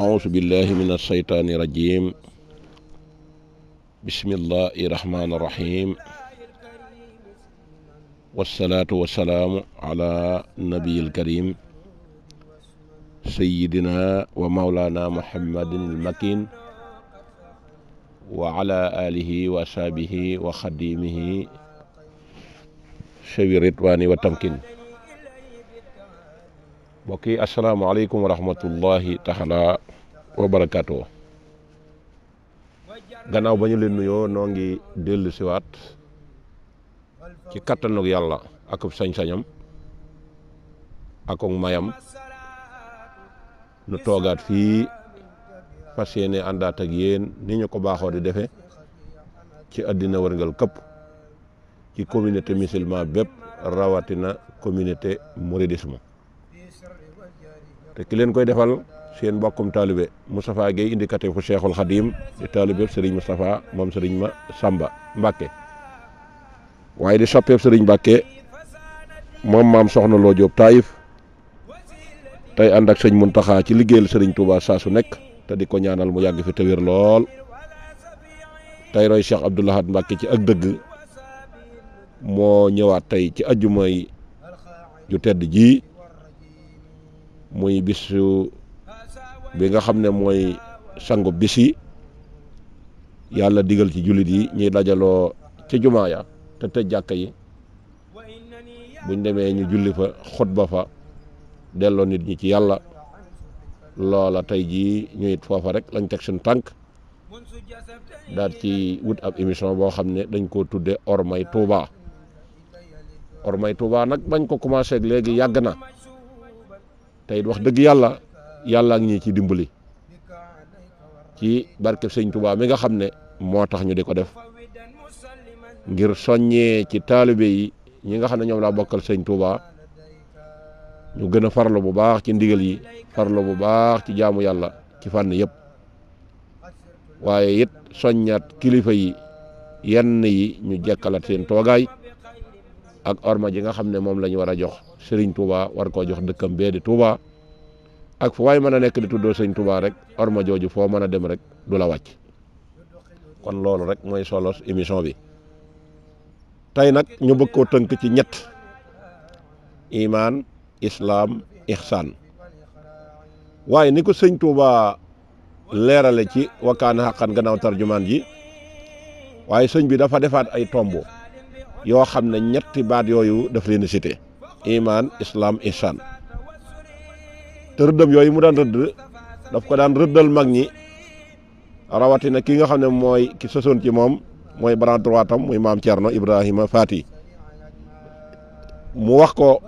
auusu billahi min alsheytaani irajim bismillahi irrahmaani irrahim wassalaatu wassalaamu ala nabiyyil karim sayyidina wa mawlaana muhammadin almakin wa ala aalihi wa asaabihi wa xadiimihi shawi ridwaani wa tamkin mbokk yi asalaamaaleykum wa rahmatullahi taxala wa barakaatu gannaaw ba ñu leen nuyoo noo ngi dellu siwaat ci kattanug yàlla akub sañ-sañam akug mayam nu toogaat fii fas yéene àndaat ak yéen ni ñu ko baaxoo di defe ci àddina wërngal këpp ci communauté musulman bépp rawatina communauté mouridisme te ki leen koy defal seen mbokkum taalibe Moustapha Guèye indicatif fu Cheikhul Khadim di taalibe Serigne Moustapha moom Serigne ma Samba Mbacke waaye di soppeeb sëriñ Mbacke moom maam soxna Lo Diop Taïf tey ànd ak sëñ mun Mountakha ci liggéeyal sëriñ Touba saa su nekk te di ko ñaanal mu yàgg fi te wér lool tey roy Cheikh Abdou Lahad ci ak dëgg moo ñëwaat tey ci ajjumay ju tedd ji. muy bisu bi nga xam ne mooy sangu bis yàlla digal ci jullit yi ñuy dajaloo ci jumaa ya te tëj jàkk yi buñ demee ñu julli fa xutba fa delloo nit ñu ci yàlla loola tey jii ñu it foofa rek lañ teg suñ tànk daal ci wut ab émission boo xam ne dañ koo tudde ormay Touba ormay Touba nag bañ ko commencé ak léegi yàgg na tey wax dëgg yàlla yàlla ak ñi ci dimbali ci barkeb sëñ Tuubaa mi nga xam ne moo tax ñu di ko def ngir soññee ci taalibe yi ñi nga xam ne ñoom laa bokkal sëñ Tuubaa ñu gën a farlu bu baax ci ndigal yi farlu bu baax ci jaamu yàlla ci fànn yëpp waaye it soññaat kilifa yi yenn yi ñu jekkalaat seen toogaay ak orma ji nga xam ne moom la war a jox Serigne Touba war koo jox dëkkam bee di Touba ak fu waay mën a nekk di tuddoo Serigne Touba rek orma jooju foo mën a dem rek du la wàcc kon loolu rek mooy solos émission bi tey nag ñu bëgg koo tënk ci ñett imaan islaam ihsaan waaye ni ko sëñ Touba leerale ci wakkaana xaqan gannaaw tarjumaan ji waaye sëñ bi dafa defaat ay tomb yoo xam ne ñetti baat yooyu daf leen a cité iman islam ihsan te rëddam yooyu mu daan rëdd daf ko daan rëddal mag ñi rawatina ki nga xam ne mooy ki sosoon ci moom mooy bras droit tam muy maam Thierno Ibrahima Fati mu wax ko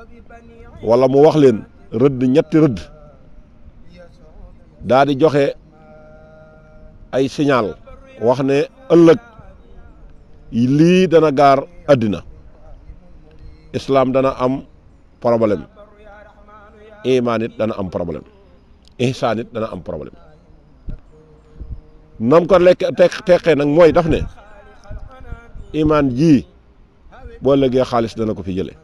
walla mu wax leen rëdd ñetti rëdd daa di joxe ay signal wax ne ëllëg lii dana gaar àddina islaam dana am problème imaan it dana am problème ihsaan it dana am problème nam ko lekk teq nag mooy daf ne imaan jii boo lëggee xaalis dana ko fi jële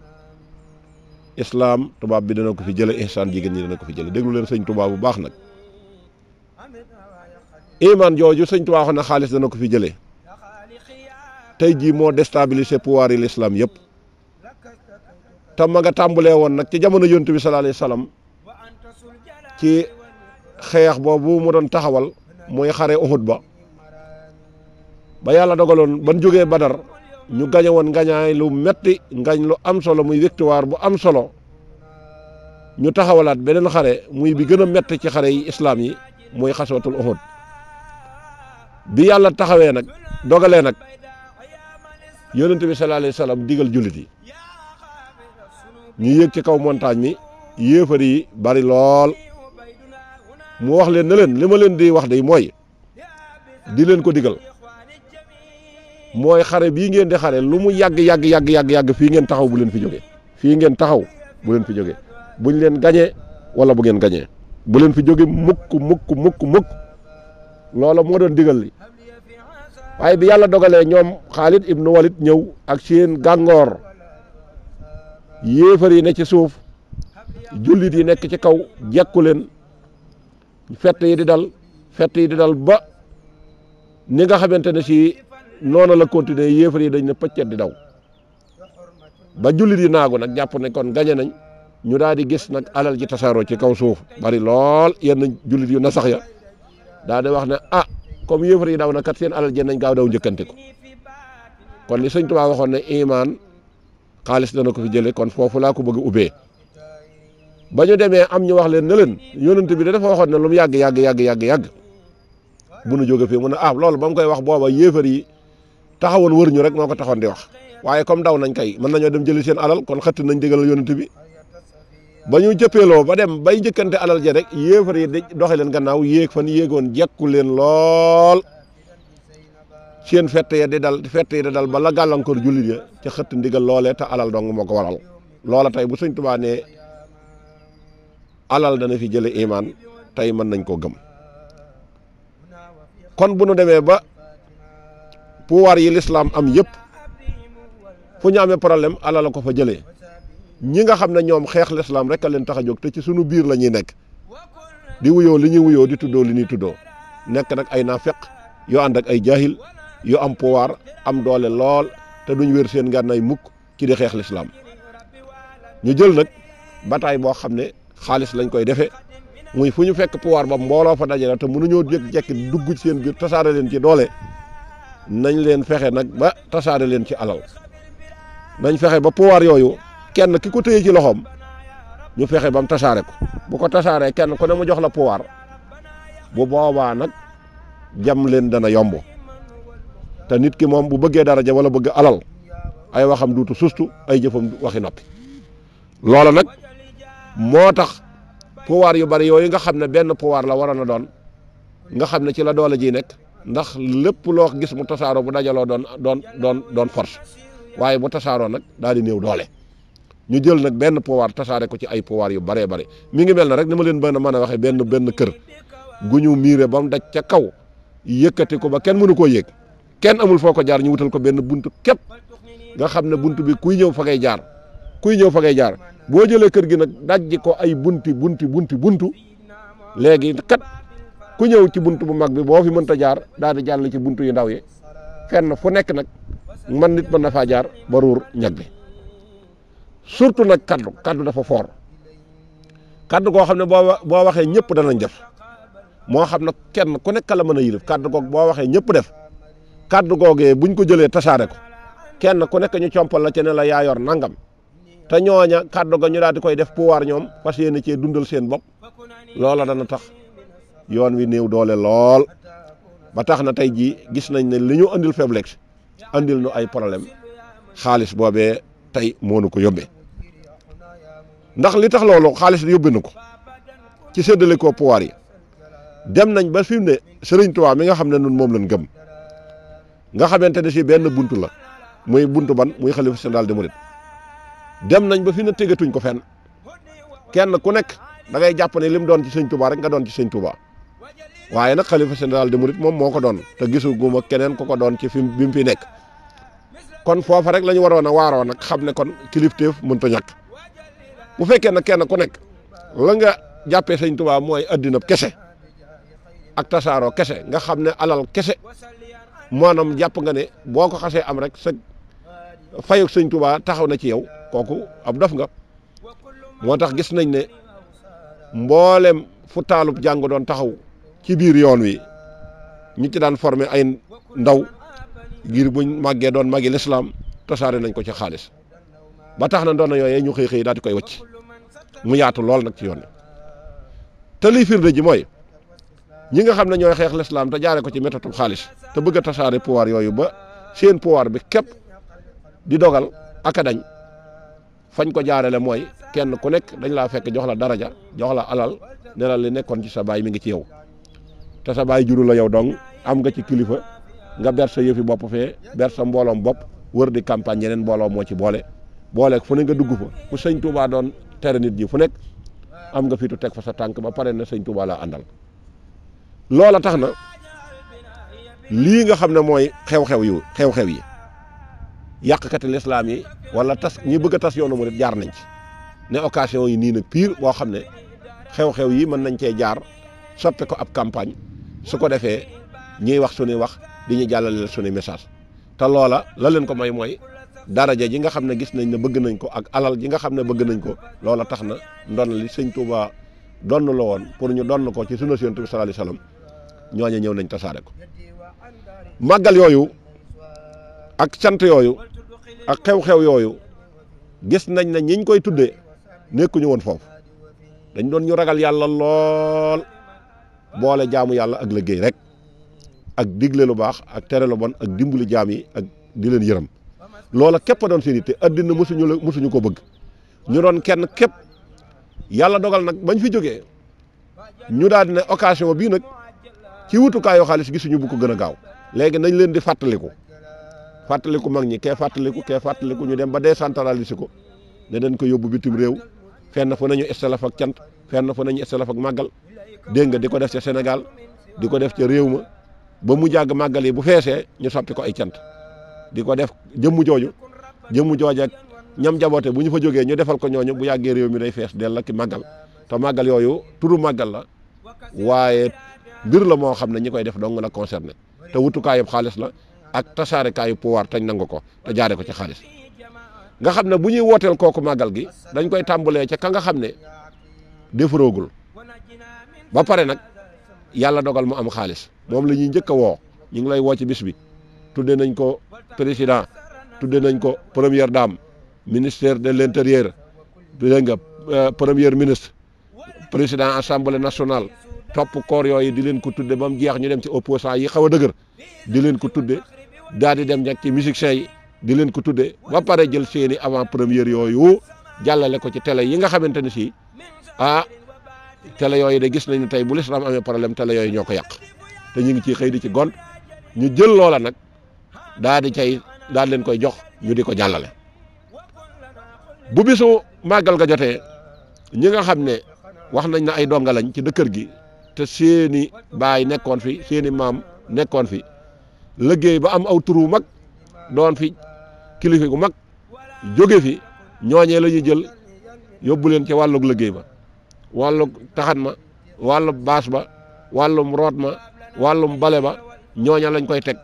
islaam tubaab bi dana ko fi jële ihsaan jigéen ñi dana ko fi jële déglu leen sëñ tubaab bu baax nag imaan jooju sëñ tubaab na xaalis dana ko fi jëlee tey jii moo déstabilisé pouvoir yi l'islam yëpp te ma nga tàmbulee woon nag ci jamono yontu bi sallallahu ci xeex boobu mu doon taxawal muy xare Uhud ba ba yàlla dogaloon ban jógee Badar ñu gañe woon ngañaay lu metti ngañ lu am solo muy victoire bu am solo ñu taxawalaat beneen xare muy bi gën a metti ci xare yi islaam yi muy xaswatul Uhud bi yàlla taxawee nag dogalee nag yonent bi sallallahu alayhi wa digal jullit yi ñu yéeg ci kaw montagne mi yéefar yi bari lool mu wax leen na leen li ma leen di wax day mooy di leen ko digal mooy xare bii ngeen di xare lu mu yàgg yàgg yàgg yàgg yàgg fii ngeen taxaw bu leen fi jóge fii ngeen taxaw bu leen fi jóge buñ leen gañee wala bu ngeen gañee bu leen fi jóge mukk mukk mukk mukk loola moo doon digal li waaye bi yàlla dogalee ñoom Xaalid ibnu walit ñëw ak seen gàngoor yéefar yi ne ci suuf jullit yi nekk ci kaw jekku leen fett yi di dal fett yi di dal ba ni nga xamante ne si noonu la continuer yéefar yi dañ ne pëccet di daw ba jullit yi naagu nag jàpp ne kon gañe nañ ñu daal di gis nag alal ji tasaaroo ci kaw suuf bari lool yenn jullit na nasax ya daal di ne ah comme yéefar yi daw na kat seen alal jën nañ gaaw daw njëkkante ko kon li sëñ Tuubaa waxoon ne imaan xaalis dana ko fi jële kon foofu laa ko bëgg ubbee ba ñu demee am ñu wax leen ne leen yonent bi da dafa waxoon ne lu mu yàgg yàgg yàgg yàgg yàgg bu nu jóge fii mu ne ah loolu ba mu koy wax booba yéefar yi taxawoon war ñu rek moo ko taxoon di wax waaye comme daw nañ kay mën nañoo dem jëli seen alal kon xëtt nañ digal yonent ba ñu jëppeeloo ba dem bay njëkkante alal ja rek yéefar yi doxe leen gannaaw yéeg fan yéegoon jekku leen lool seen fett ya di dal fett yi di dal bala gàllankoor jullit ya ca xëtt ndigal loolee te alal dong moo ko waral loola tey bu sëñ Tuubaa ne alal dana fi jële imaan tey mën nañ koo gëm kon bu nu demee ba pouvoir yi lislaam am yëpp fu ñu amee problème alal la ko fa jëlee ñi nga xam ne ñoom xeex lislaam rek a leen tax a jóg te ci sunu biir la ñuy nekk di wuyoo li ñuy wuyoo di tuddoo li ñuy tuddoo nekk nag ay naafeq yoo ànd ak ay jaahil yoo am pouvoir am doole lool te duñu wér seen ngànnaay mukk ci di xeex lislaam ñu jël nag bataay boo xam ne xaalis lañ koy defee muy fu ñu fekk pouvoir ba mbooloo fa dajale te mënuñoo jékki-jékki dugg ci seen biir tasaare leen ci doole nañ leen fexe nag ba tasaare leen ci alal nañ fexe ba pouvoir yooyu kenn ki ko téye ci loxoom ñu fexe ba tasaare ko bu ko tasaaree kenn ku ne mu jox la pouvoir bu boobaa nag jam leen dana yomb te nit ki moom bu bëggee dara daraja wala bëgg alal ay waxam duutu sustu ay jëfam waxi noppi loola nag moo tax pouvoir yu bari yooyu nga xam ne benn pouvoir la waroon a doon nga xam ne ci la doole ji nekk ndax lépp loo gis mu tasaaroo bu dajaloo doon doon doon doon force waaye bu tasaaroo nag daal di néew doole ñu jël nag benn pouvoir tasaare ko ci ay pouvoir yu baree bare mi ngi mel na rek ni ma leen benn mën a waxee benn benn kër gu ñu miire ba mu daj ca kaw yëkkati ko ba kenn mënu koo yéeg kenn amul foo ko jaar ñu wutal ko benn buntu képp nga xam ne buntu bi kuy ñëw fa ngay jaar kuy ñëw fa ngay jaar boo jëlee kër gi nag dajji ko ay bunti bunti bunti buntu léegi kat ku ñëw ci buntu bu mag bi boo fi mënta jaar daal di jàll ci buntu yu ndaw yi fenn fu nekk nag man nit mën na faa jaar ba ruur surtout nag kaddu kaddu dafa foor kaddu goo xam ne boo boo waxee ñëpp danañ def moo xam ne kenn ku nekk la mën a yilif kaddu goog boo waxee ñëpp def kaddu googee buñ ko jëlee tasaare ko kenn ku nekk ñu compal la ci la yaa nangam te ñooña kaddu ga ñu daal di koy def pouvoir ñoom fas yéene cee dundal seen bopp loola dana tax yoon wi néew doole lool ba tax na tey jii gis nañ ne li ñu andil faiblesse andil nu ay problème xaalis boobee tey moonu ko yóbbee ndax li tax loolu xaalis yóbbu na ko ci séddale ko pouvoir yi dem nañ ba fi mu ne Serigne Touba mi nga xam ne nun moom lañ gëm nga xamante ne si benn buntu la muy buntu ban muy xalifa général des mourides dem nañ ba fi ne tegatuñ ko fenn kenn ku nekk da ngay jàpp ne lim doon ci Serigne Touba rek nga doon ci Serigne Touba waaye nag xalifa général des mourides moom moo ko doon gisu guma keneen ku ko doon ci fi bi mu fi nekk kon foofa rek lañu ñu waroon a waaroo nag xam ne kon kilifteef mënut a ñàkk bu fekkee nag kenn ku nekk la nga jàppee sañ Tuubaa mooy addina kese ak tasaaroo kese nga xam ne alal kese maanaam jàpp nga ne boo ko xasee am rek sa fayuk sëñ Tuubaa taxaw na ci yow kooku ab dof nga moo tax gis nañ ne mboolem fu taalu jàng doon taxaw ci biir yoon wi ñi ci daan formé ay ndaw ngir buñ màggee doon màggi lislaam tasaare nañ ko ci xaalis ba tax na ndoona yooyee ñu xëy xëy daal di koy wacc mu yaatu lool nag ci yoon te liy firnde ji mooy ñi nga xam ne ñooy xeex lislaam te jaare ko ci métatu xaalis te bëgg a tasaare pouvoir yooyu ba seen pouvoir bi képp di dogal ak dañ fañ ko jaarale mooy kenn ku nekk dañ laa fekk jox la daraja jox la alal ne la nekkoon ci sa baay mi ngi ci yow te sa baay juru la yow dong am nga ci kilifa nga ber sa yëfi bopp fee ber sa mbooloom bopp wër di campagne yeneen mbooloo moo ci boole boole fu ne nga dugg fa ku tere nit ñi fu nekk am nga fitu teg fa sa tànk ba pare na sëñ Tuubaa laa àndal loola tax na lii nga xam ne mooy xew-xew yu xew-xew yi yàqkati lislaam yi wala tas ñi bëgg a tas yoonu murit jaar nañ ci ne occasion yi nii nag pire boo xam ne xew-xew yi mën nañ cee jaar soppe ko ab campagne su ko defee ñuy wax suñuy wax di ñu jàllale suñuy message te loola la leen ko may mooy daraja ji nga xam ne gis nañ ne bëgg nañ ko ak alal ji nga xam ne bëgg nañ ko loola tax na ndon li sëñ Touba donn la woon pour ñu donn ko ci sunna si Yonent bi sallallahu ñooñe ñëw nañ tasaare ko màggal yooyu ak cant yooyu ak xew-xew yooyu gis nañ ne ñiñ koy tuddee nekkuñu woon foofu dañ doon ñu ragal yàlla lool boole jaamu yàlla ak liggéey rek ak digle lu baax ak tere lu bon ak dimbali jaam yi ak di leen yërëm loola képp a doon seen yitte addina mosuñu la mosuñu ko bëgg ñu doon kenn képp yàlla dogal nag bañ fi jógee ñu daal di ne occasion bii nag ci wutukaayu xaalis gisuñu bu ko gën a gaaw léegi nañ leen di fàttaliku fàttaliku mag ñi kee fàttaliku kee fàttaliku ñu dem ba décentraliser ko ne dañ ko yóbbu bitim réew fenn fu nañu estalaf ak cant fenn fu nañu estalaf ak màggal dégg nga di ko def ca senegal di ko def ca réew ma ba mu jàgg màggal bu feesee ñu soppi ko ay cant di ko def jëmm jooju jëmm jooju ak ñam jaboote bu ñu fa jógee ñu defal ko ñooñu bu yàggee réew mi day fees dell ki màggal te màggal yooyu turu màggal la waaye mbir la moo xam ne ñu koy def dong la concerné te wutukaayub xaalis la ak tasaarikaayu pouvoir tañ nangu ko te jaare ko ci xaalis nga xam ne bu ñuy wooteel kooku màggal gi dañ koy tàmbalee ca ka nga xam ne defaroogul ba pare nag yàlla dogal mu am xaalis moom la ñuy njëkk a woo ñu ngi lay woo ci bis bi tudde nañ ko président tudde nañ ko première dame ministère de l' intérieur dégg nga euh, premier ministre président assemblée national topp koor yooyu di leen ko tudde ba mu jeex ñu dem ci opposant yi xaw a dëgër di leen ko tudde daal di dem nag ci musiciens yi di leen ko tudde ba pare jël seeni avant première yooyu jàllale ko ci télé yi nga xamante ne si ah télé yooyu de gis nañ nañu tey bu lislam amee problème télé yooyu ñoo ko yàq te ñu ngi ciy xëy di ci gont ñu jël loola nag daa di cay daal leen koy jox ñu di ko jàllale bu bisu màggal ga jotee ñi nga xam ne wax nañ na ay donga lañ ci dëkkër gi te seeni baay nekkoon fi seeni maam nekkoon fi liggéey ba am aw wu mag doon fi kilifa gu mag jóge fi ñooñee la ñuy jël yóbbu leen ci wàllug liggéey ba wàllug taxat ma wàllum baas ba wàllum root ma wàllum bale ba ñooña lañ koy teg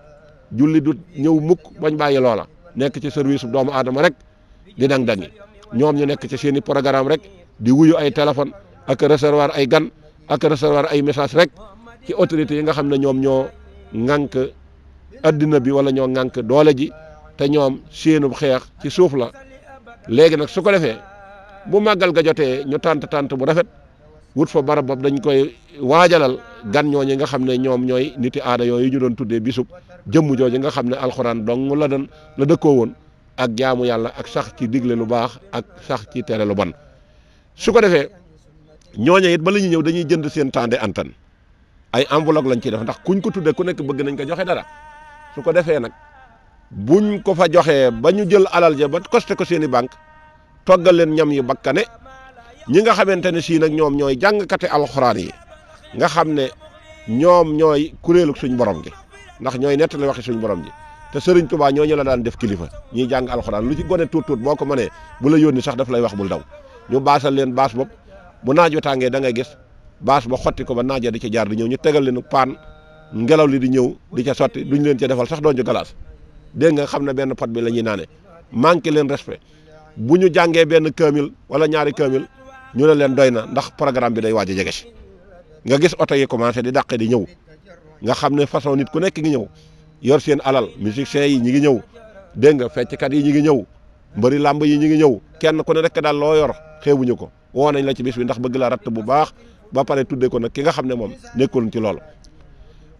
julli du ñëw mukk bañ bàyyi loola nekk ci service doomu aadama rek di dang dangi ñoom ñu nekk ci seen i programme rek di wuyu ay téléphone ak recevoir ay gan ak recevoir ay message rek ci autorités yi nga xam ne ñoom ñoo ŋànk addina bi wala ñoo ŋànk doole ji te ñoom seenub xeex ci suuf la léegi nag su ko defee bu màggal ga jotee ñu tànt tànt bu rafet wut fa barab boobu dañ koy waajalal gan ñooñu nga xam ne ñoom ñooy niti aada yooyu ñu doon tuddee bisub jëmm jooju nga xam ne alxuraan dong la doon la dëkkoo woon ak jaamu yàlla ak sax ci digle lu baax ak sax ci tere lu bon su ko defee ñooña it ba la ñuy ñëw dañuy jënd seen tande antan ay enveloppe lañ ciy def ndax kuñ ko tuddee ku nekk bëgg nañ ko joxe dara su ko defee nag buñ ko fa joxee ba ñu jël alal ja ba costé ko seen i banque toggal leen ñam yu bakkane ñi nga xamante ne sii nag ñoom ñooy jàngkate alxuraan yi nga xam ne ñoom ñooy kuréelu suñ borom gi ndax ñooy nettali waxi suñu borom ji te sëriñ tubaa ñooñu la daan def kilifa ñuy jàng alxuraan lu ci gone tuut tuut boo ko mënee bu la yónni sax daf lay wax bul daw ñu baasal leen baas bopp bu naaj wa tàngee da ngay gis baas ba xotti ko ba naaja di ci jaar di ñëw ñu tegal leen paan ngelaw li di ñëw di ca sotti duñ leen ca defal sax doon ju galaas dégg nga xam ne benn pot bi la ñuy naane manqué leen respect bu ñu jàngee benn kaamil wala ñaari kaamil ñu ne leen doy na ndax programme bi day waaj a jege si nga gis oto yi commencé di dàqe di ñëw nga xam ne façon nit ku nekk ngi ñëw yor seen alal musiciens yi ñi ngi ñëw dégg nga fecckat yi ñi ngi ñëw mbëri làmb yi ñi ngi ñëw kenn ku ne rek daal loo yor xeebuñu ko woo nañ la ci bis bi ndax bëgg la ratt bu baax ba pare tuddee ko nag ki nga xam ne moom nekkul ci loolu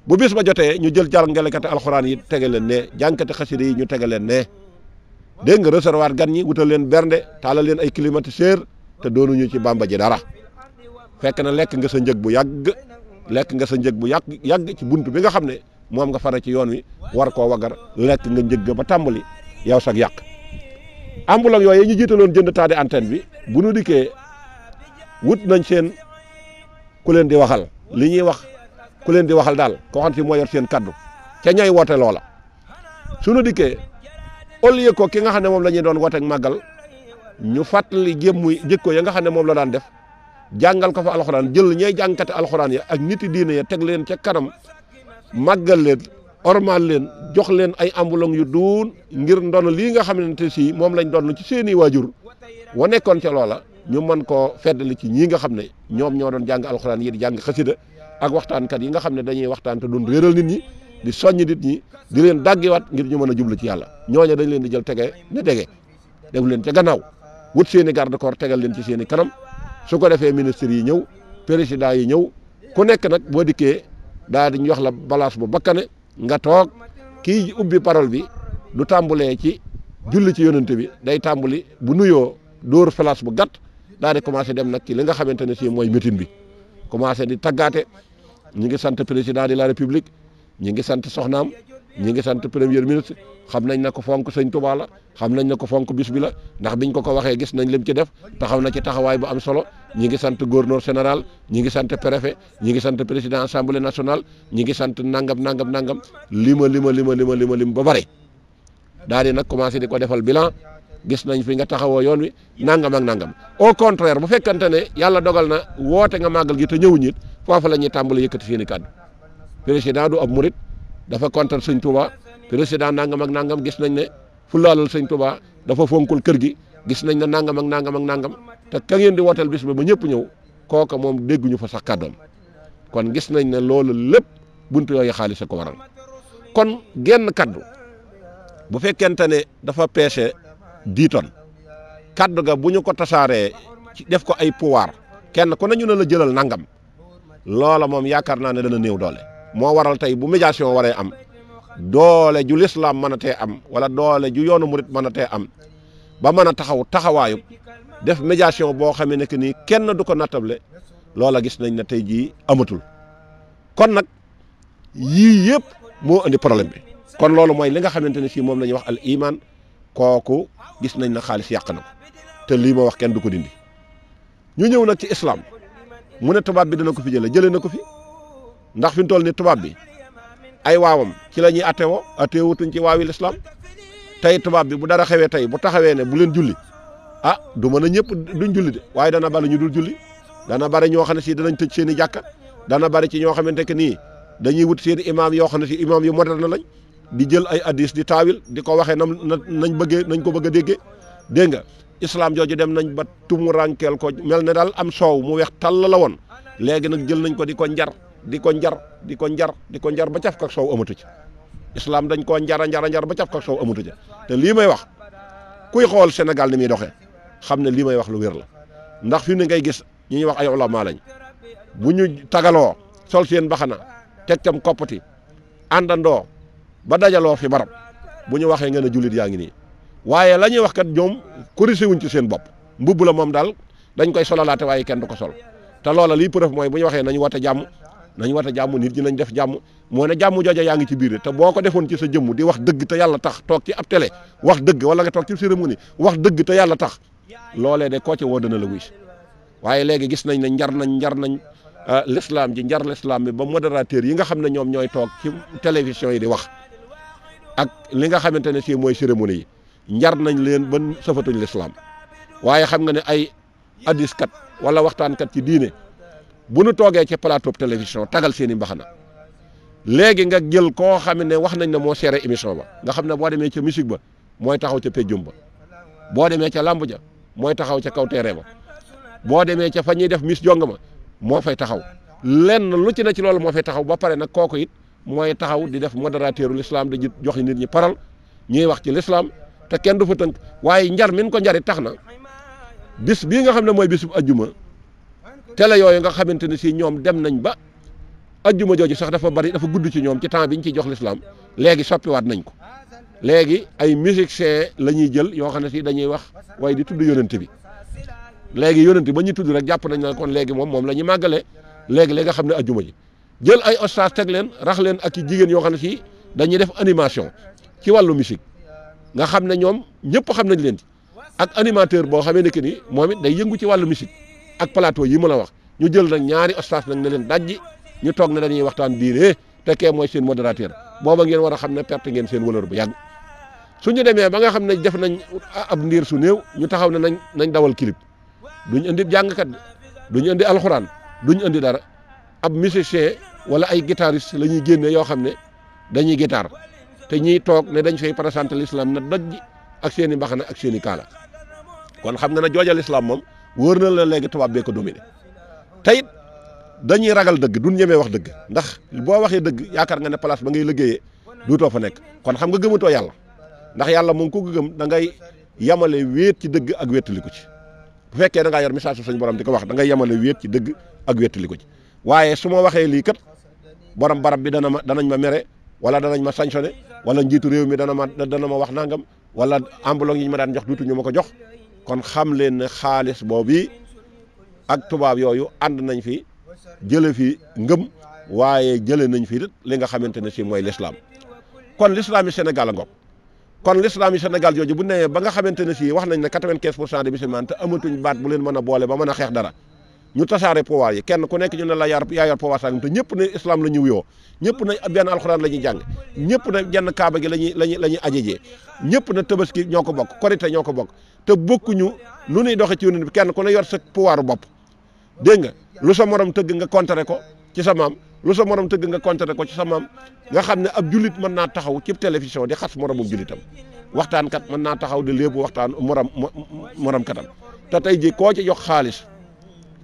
bu bis ba jotee ñu jël jàngalekati alxuraan yi tege leen ne jànkati xasida yi ñu tege leen ne dégg nga recevoir gan ñi wutal leen bernde taalal leen ay climatiseur te doonuñu ci bàmba ji dara fekk na lekk nga sa njëg bu yàgg lekk nga sa njëg bu yàgg yàgg ci bunt bi nga xam ne moom nga fara ci yoon wi war koo wagar lekk nga njëg ba tàmbali yow sax yàq ambulance yooyu ñu jiitaloon jënd taade antenne bi bu nu dikkee wut nañ seen ku leen di waxal li ñuy wax ku leen di waxal daal koo xam si moo yor seen kaddu ca ñay woote loola suñu dikkee au lieu ko ki nga xam ne moom la ñuy doon wooteeg màggal ñu fàttali jëmmu jikko ya nga xam ne moom la daan def jàngal ko fa alxuraan jël ñay jàngkate alxuraan ya ak niti diine ya teg leen ca kanam màggal leen ormal leen jox leen ay ambulong yu duun ngir ndono lii nga xamante si moom lañ doon ci seeni waajur wa nekkoon ca loola ñu mën koo feddali ci ñii nga xam ne ñoom ñoo doon jàng alxuraan yi di jàng xasida ak waxtaankat yi nga xam ne dañuy waxtaan te doon réeral nit ñi di soññ nit ñi di leen dàggiwaat ngir ñu mën a jublu ci yàlla ñooña dañu leen di jël tege ne dege def leen ca gannaaw wut seen i garde corps tegal leen ci seen i kanam su ko defee ministres yi ñëw président yi ñëw ku nekk nag boo dikkee daa di ñu wax la balance bu bakkane nga toog kii ubbi parole bi du tàmbulee ci julli ci yonent bi day tàmbuli bu nuyoo dóor place bu gàtt daa di commencé dem nag ci li nga xamante ne si mooy meeting bi commencé di taggaate ñu ngi sant président di la république ñu ngi sant soxnaam ñi ngi sant premier ministre xam nañ na ko fonk sañ Tuubaa la xam nañ na ko fonk bis bi la ndax biñ ko ko waxee gis nañ lim ci def taxaw na ci taxawaay bu am solo ñi ngi sant gouverneur général ñi ngi sant préfet ñi ngi sant président assemblée national ñi ngi sant nangam nangam nangam lima lima lima lima lima lim ba bare daal di nag commencé di ko defal bilan gis nañ fi nga taxawoo yoon wi nangam ak nangam au contraire bu fekkante ne yàlla dogal na woote nga màggal gi te ñëwuñ it foofu la ñuy tàmbali yëkkati seen i kàddu président dafa kontaan sëñ Touba président nangam ak nangam gis nañ ne fu laalal sëñ Touba dafa fonkul kër gi gis nañ ne nangam ak nangam ak nangam te ka ngeen di wooteel bis ba ba ñëpp ñëw kooka moom dégguñu fa sax kàddoom kon gis nañ ne loolu lépp buntu yooyu xaalis a ko waral kon genn kaddu bu fekkente ne dafa peese dix tonnes ga bu ñu ko tasaaree ci def ko ay pouvoir kenn ku ne ñu ne la jëlal nangam loola moom yaakaar naa ne dana néew doole. moo waral tey bu médiation waree am doole ju lislaam mën a tee am wala doole ju yoonu murit mën a tee am ba mën a taxaw taxawaayu def médiation boo xamee ne que nii kenn du ko nattable loola gis nañ ne tey jii amatul kon nag yii yëpp moo indi problème bi kon loolu mooy li nga xamante ne fii moom la ñuy wax al imaan kooku gis nañ na xaalis yàq na te lii ma wax kenn du ko dindi ñu ñëw nag ci islam mu ne tubaab bi dana ko fi jëlee jëlee na ko fi ndax fi mu toll ni tubaab bi ay waawam ci la ñuy atewoo atewutuñ ci waawi lislaam tey tubaab bi bu dara xewee tey bu taxawee ne bu leen julli ah du mën a ñëpp duñ julli de waaye dana bari ñu dul julli dana bari ñoo xam ne si danañ tëj seen i jàkka dana bari ci ñoo xamante que nii dañuy wut seen imaam yoo xam ne si imaam yi moderne lañ di jël ay addis di taawil di ko waxee nam nañ bëggee nañ ko bëgg a déggee dégg nga islam jooju dem nañ ba tumu ko mel ne daal am soow mu weex tàll la woon léegi nag jël nañ ko di ko njar di ko njar di ko njar di ko njar ba caf kak soow amatu ca islam dañ koo njara njara njar ba caf kak soow amatu ca te lii may wax kuy xool Sénégal ni muy doxe xam ne lii may wax lu wér la ndax fi mu ne ngay gis ñu ñuy wax ay ulama lañ bu ñu tagaloo sol seen baxana teg tam koppati àndandoo ba dajaloo fi barab bu ñu waxee ngeen ne jullit yaa ngi nii waaye la ñuy wax kat ñoom corrigé wuñ ci seen bopp mbubb la moom daal dañ koy solalaate waaye kenn du ko sol te loola lii preuve mooy bu ñu waxee nañu woote jàmm nañ war a jàmm nit ñi nañ def jàmm moo ne jàmm jooja yaa ngi ci biir te boo ko defoon ci sa jëmm di wax dëgg te yàlla tax toog ci ab tele wax dëgg wala nga toog ci cérémonie wax dëgg te yàlla tax loolee de koo ci woo dana la wuy waaye léegi gis nañ ne njar nañ njar nañ ah, l'islam ji njar l'islam bi ba modérateur yi nga xam ne ñoom ñooy toog ci télévision yi di wax ak li nga xamante ne si mooy cérémonie yi njar nañ leen ba safatuñ l'islam waaye xam nga ne ay hadiskat wala waxtaankat ci diine bu nu toogee ci plateau télévision tagal seen i mbaxana léegi nga jël koo xam ne wax nañ ne moo seere émission ba nga xam ne boo demee ci musique ba mooy taxaw ca péjum ba boo demee ca làmb ja mooy taxaw ca kaw teere ba boo demee ca fa ñuy def miss jong ma moo fay taxaw lenn lu ci na ci loolu moo fay taxaw ba pare nag kooku it mooy taxaw di def modérateur l'islam di jox nit ñi paral ñuy wax ci lislaam te kenn du fa tënk waaye njar min ko njari tax na bis bii nga xam ne mooy bisub ajjuma tele yooyu nga xamante ne si ñoom dem nañ ba ajjuma jooju sax dafa bari dafa gudd ci ñoom ci temps biñ ci jox lislaam léegi waat nañ ko léegi ay musiciens la ñuy jël yoo xam ne si dañuy wax waaye di tudd yonent bi léegi yonent ba ñu tudd rek jàpp nañ ne léegi moom moom la ñuy màggale léegi xam ne ajjuma jël ay ostaas teg leen rax leen ak jigéen yoo xam ne si dañuy def animation ci wàllu musique nga xam ne ñoom ñëpp xam nañ leen ci ak animateur boo xamee ne que ni moom it day yëngu ci wàllu musique ak plateau yi mu la wax ñu jël nag ñaari ostaas nag ne leen dajji ñu toog ne dañuy waxtaan diine eh, te kee mooy seen modérateur booba ngeen war a xam ne perte ngeen seen wëlër bu yàgg ñu demee ba nga xam ne def nañ ab ndiir su néew ñu taxaw ne nañ nañ dawal clip duñ indi jàngkat duñ indi alxuraan duñ indi dara ab musicien wala ay guitariste la ñuy génne yoo xam ne dañuy guitare te ñuy toog ne dañ fay présenté l'islam na doj ak seen i mbaxana ak seen i kaala kon xam nga ne moom wóor na la léegi tubaab bee ko dominé te it dañuy ragal dëgg duñ ñemee wax dëgg ndax boo waxee dëgg yaakaar nga ne place ba ngay liggéeyee duutoo fa nekk kon xam nga gëmatoo yàlla ndax yàlla moom ko gëm da ngay yamale wéet ci dëgg ak wéetaliku ci bu fekkee da ngaa yor message suñu di ko wax da ngay yamale wéet ci dëgg ak wéetaliku ci waaye su ma waxee lii kat borom barab bi dana ma danañ ma mere wala danañ ma sanctionné wala njiitu réew mi dana ma dana ma wax nangam wala enveloppe yi ñu ma daan jox duutu ñu ma ko jox kon xam leen ne xaalis boobu ak tubaab yooyu ànd nañ fi jële fi ngëm waaye jële nañ fi li nga xamante ne si mooy lislaam kon lislaam yi Sénégal a ngoog kon lislaam yi Sénégal jooju bu nee ba nga xamante ne si wax nañ ne quatre-vingt-quinze pour cent de musulman te amatuñ baat bu leen mën a boole ba mën a xeex dara ñu tasaare pouvoir yi kenn ku nekk ñu ne la yar yaa yor pouvoir sàngam te ñëpp ne islam la ñu wuyoo ñëpp ne benn alxuraan la ñuy jàng ñëpp ne jenn kaaba gi la ñuy la ñuy la ñuy ajejee ñëpp ne tabaski ñoo ko bokk korite ñoo ko bokk te bokkuñu nu ñuy doxe ci yoonu bi kenn ku ne yor sa pouvoir bopp dégg nga lu sa morom tëgg nga contrer ko ci sa maam lu sa morom tëgg nga contrer ko ci sa maam nga xam ne ab jullit mën naa taxaw ci télévision di xas moromum jullitam waxtaankat mën naa taxaw di léebu waxtaan morom morom katam te tey ji koo ci jox xaalis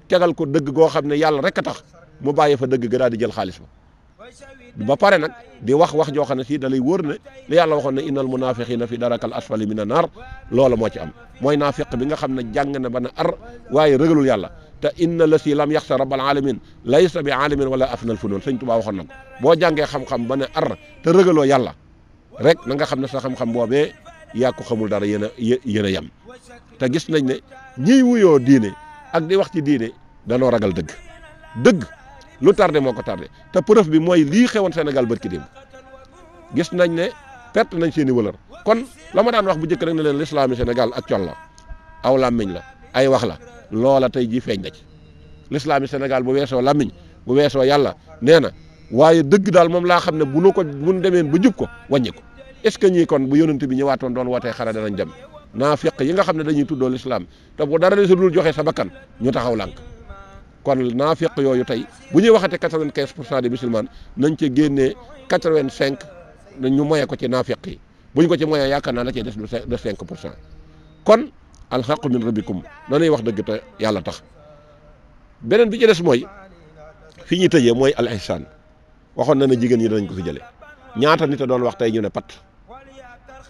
tegal ko dëgg goo xam ne yàlla rek a tax mu bàyyi fa dëgg ga daal di jël xaalis ba ba pare nag di wax wax joo xam ne si da lay wóor ne li yàlla waxoon ne innal munafiqina fi darakal asfali mina naar loola moo ci am mooy naafiq bi nga xam ne jàng na ba na ar waaye rëgalul yàlla te inna la si lam yaxsa rabbal alamin laysa bi alamin wala afnal funoon sëñ Tuubaa waxoon na ko boo jàngee xam-xam ba ne ar te rëgaloo yàlla rek na nga xam ne sa xam-xam boobee yaa ko xamul dara yéen a yéen a yem te gis nañ ne ñiy wuyoo diine ak di wax ci diine danoo ragal dëgg lu tardé moo ko tardé te preuve bi mooy lii xewoon senegal bërki démb gis nañ ne perte nañ seen i wëlër kon la ma daan wax bu njëkk rek ne leen lislaamu Sénégal ak col la aw làmmiñ la ay wax la loola tey jii feeñ na ci lislaamu Sénégal bu weesoo làmmiñ bu weesoo yàlla nee na waaye dëgg daal moom laa xam ne bu nu ko bu nu demeen ba jub ko wàññi ko est ce que ñii kon bu yonent bi ñëwaatoon doon wotee xara danañ dem naa feq yi nga xam ne dañuy tuddoo lislaam te bu dara de su dul joxe sa bakkan ñu taxaw lànk kon naafiq yooyu tey bu ñuy waxatee quatre-vingt-quinze pour cent des musulmans nañ ci génnee quatre-vingt-cinq ñu moye ko ci naafiq yi bu ñu ko ci moyee yaakaar naa la cee des de cinq pour cent kon alxaqu min rabbikum nanuy wax dëgg te yàlla tax beneen bi ci des mooy fi ñuy tëjee mooy al ihsaan waxoon na ne jigéen ñi danañ ko fi jëlee ñaata nit a doon wax tey ñu ne pat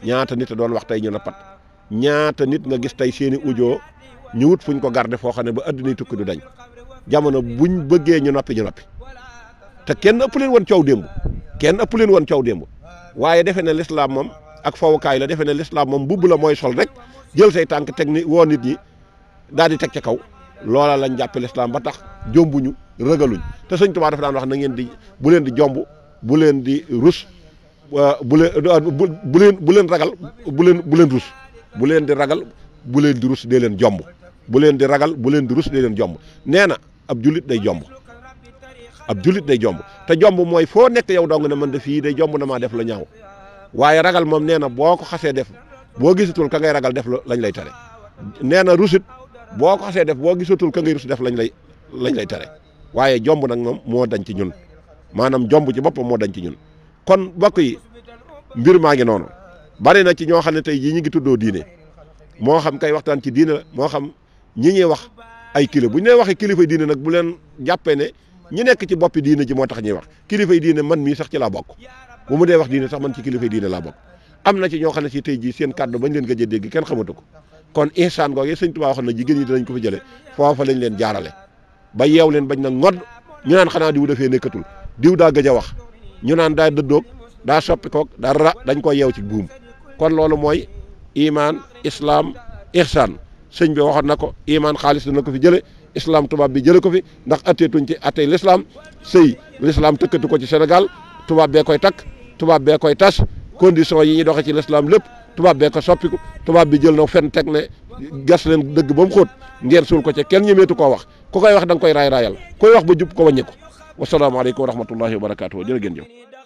ñaata nit a doon wax tey ñu ne pat ñaata nit nga gis tey seeni ujoo ñu wut fuñ ko garde foo xam ne ba àddina tukki du dañ jamono buñ bëggee ñu noppi ñu noppi te kenn ëpp leen woon coow démb kenn ëpp leen woon coow démb waaye defe na lislaam mam ak fowukaay la defe na lislaam moom mbubb la mooy sol rek jël say tànk teg ni woo nit ñi daal di teg ca kaw loola lañ jàppe lislaam ba tax jombuñu rëgaluñ te sëñ Tuubaa dafa daan wax na ngeen di bu leen di jomb bu leen di rus bu leen bu leen bu leen ragal bu leen bu leen rus bu leen di ragal bu leen di rus dee leen jomb bu leen di ragal bu leen di rus dee leen jomb neena ab jullit day jomb ab jullit day jomb te jomb mooy foo nekk yow dong ne man de fii day jomb na maa def la ñaaw waaye ragal moom nee na boo ko xasee def boo gisatul ka ngay ragal def lañ lay tere nee na rusit boo xasee def boo gisatul ka ngay rus def lañ lay lañ lay tere waaye jomb nag moom moo dañ ci ñun maanaam jomb ci boppam moo dañ ci ñun kon bokk yi mbir maa ngi noonu bari na ci ñoo xam ne tey jii ñu ngi tuddoo diine moo xam kay waxtaan ci diine la moo xam ñi ñuy wax ay kilifa bu ñu nee waxee kilifa diine nag bu leen jàppee ne ñi nekk ci boppi diine ji moo tax ñuy wax kilifa diine man mii sax ci laa bokk bu mu dee wax diine sax man ci kilifa diine la bokk am na ci ñoo xam ne si tey jii seen kàddu bañ leen gëj a dégg kenn xamatu ko kon insaan googee sëñ Tuubaa waxoon na jigéen ñi dinañ ko fa jële foofa lañ leen jaarale ba yeew leen bañ na ngod ñu naan xanaa diw dafee nekkatul diw daa gëj a wax ñu naan daa dëddoog daa soppi koog dañ ko yeew ci buum kon loolu mooy imaan islaam ihsaan sëñ bi waxoon na ko imaan xaalis dana ko fi jële islam tubaab bi jële ko fi ndax atteetuñ ci attey l'islam sëy l'islam tëkkatu ko ci senegal tubaab bee koy takk tubaab bee koy tas condition yi ñuy doxee ci l'islam lépp tubaab bee ko soppiku tubaab bi jël na fenn teg ne gas leen dëgg ba mu xoot ngeen suul ko ci kenn ñemeetu ko wax ku koy wax da nga koy raay raayal koy wax ba jub ko wàññi ko wasalaamaaleykum wa rahmatullahi wa barakaatu jërë ngeen jëf